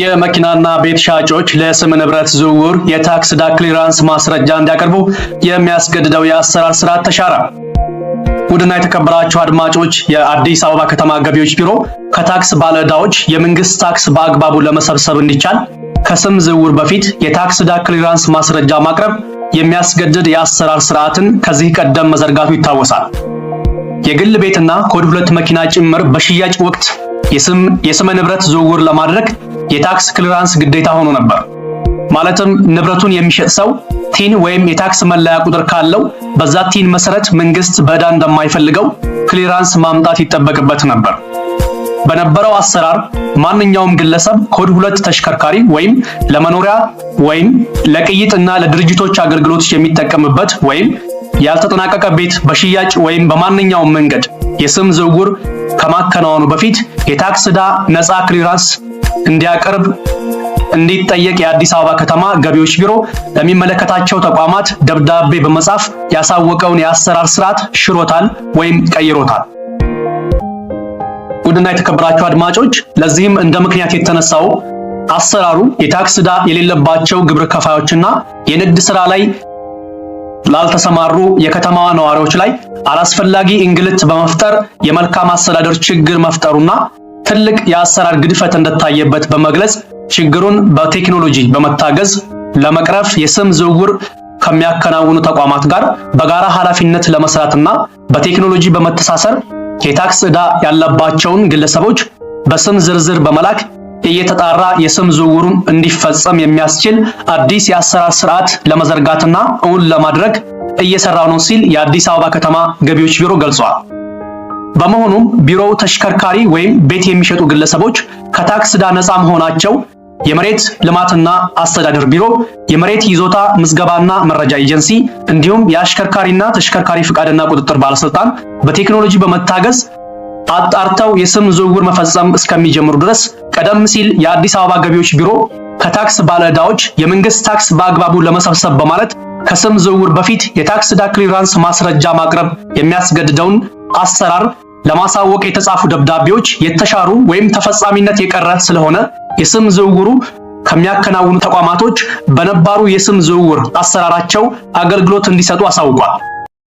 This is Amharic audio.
የመኪናና ቤት ሻጮች ለስም ንብረት ዝውውር የታክስ ዕዳ ክሊራንስ ማስረጃ እንዲያቀርቡ የሚያስገድደው የአሰራር ስርዓት ተሻረ። ውድና የተከበራችሁ አድማጮች የአዲስ አበባ ከተማ ገቢዎች ቢሮ ከታክስ ባለዕዳዎች የመንግስት ታክስ በአግባቡ ለመሰብሰብ እንዲቻል ከስም ዝውውር በፊት የታክስ ዕዳ ክሊራንስ ማስረጃ ማቅረብ የሚያስገድድ የአሰራር ስርዓትን ከዚህ ቀደም መዘርጋቱ ይታወሳል። የግል ቤትና ኮድ ሁለት መኪና ጭምር በሽያጭ ወቅት የስመ ንብረት ዝውውር ለማድረግ የታክስ ክሊራንስ ግዴታ ሆኖ ነበር። ማለትም ንብረቱን የሚሸጥ ሰው ቲን ወይም የታክስ መለያ ቁጥር ካለው በዛ ቲን መሰረት መንግስት በዕዳ እንደማይፈልገው ክሊራንስ ማምጣት ይጠበቅበት ነበር። በነበረው አሰራር ማንኛውም ግለሰብ ኮድ ሁለት ተሽከርካሪ ወይም ለመኖሪያ ወይም ለቅይጥ እና ለድርጅቶች አገልግሎት የሚጠቀምበት ወይም ያልተጠናቀቀ ቤት በሽያጭ ወይም በማንኛውም መንገድ የስም ዝውውር ከማከናወኑ በፊት የታክስ ዕዳ ነፃ ክሊራንስ እንዲያቀርብ እንዲጠየቅ የአዲስ አበባ ከተማ ገቢዎች ቢሮ ለሚመለከታቸው ተቋማት ደብዳቤ በመጻፍ ያሳወቀውን የአሰራር ስርዓት ሽሮታል ወይም ቀይሮታል። ውድና የተከበራቸው አድማጮች ለዚህም እንደ ምክንያት የተነሳው አሰራሩ የታክስ ዕዳ የሌለባቸው ግብር ከፋዮችና የንግድ ስራ ላይ ላልተሰማሩ የከተማዋ ነዋሪዎች ላይ አላስፈላጊ እንግልት በመፍጠር የመልካም አስተዳደር ችግር መፍጠሩና ትልቅ የአሰራር ግድፈት እንደታየበት በመግለጽ ችግሩን በቴክኖሎጂ በመታገዝ ለመቅረፍ የስም ዝውውር ከሚያከናውኑ ተቋማት ጋር በጋራ ኃላፊነት ለመስራትና በቴክኖሎጂ በመተሳሰር የታክስ ዕዳ ያለባቸውን ግለሰቦች በስም ዝርዝር በመላክ እየተጣራ የስም ዝውውሩን እንዲፈጸም የሚያስችል አዲስ የአሰራር ስርዓት ለመዘርጋትና እውን ለማድረግ እየሰራ ነው ሲል የአዲስ አበባ ከተማ ገቢዎች ቢሮ ገልጿል። በመሆኑም ቢሮው ተሽከርካሪ ወይም ቤት የሚሸጡ ግለሰቦች ከታክስ ዕዳ ነፃ መሆናቸው የመሬት ልማትና አስተዳደር ቢሮ፣ የመሬት ይዞታ ምዝገባና መረጃ ኤጀንሲ እንዲሁም የአሽከርካሪና ተሽከርካሪ ፍቃድና ቁጥጥር ባለስልጣን በቴክኖሎጂ በመታገዝ አጣርተው የስም ዝውውር መፈጸም እስከሚጀምሩ ድረስ ቀደም ሲል የአዲስ አበባ ገቢዎች ቢሮ ከታክስ ባለዕዳዎች የመንግስት ታክስ በአግባቡ ለመሰብሰብ በማለት ከስም ዝውውር በፊት የታክስ ዕዳ ክሊራንስ ማስረጃ ማቅረብ የሚያስገድደውን አሰራር ለማሳወቅ የተጻፉ ደብዳቤዎች የተሻሩ ወይም ተፈጻሚነት የቀረ ስለሆነ የስም ዝውውሩ ከሚያከናውኑ ተቋማቶች በነባሩ የስም ዝውውር አሰራራቸው አገልግሎት እንዲሰጡ አሳውቋል።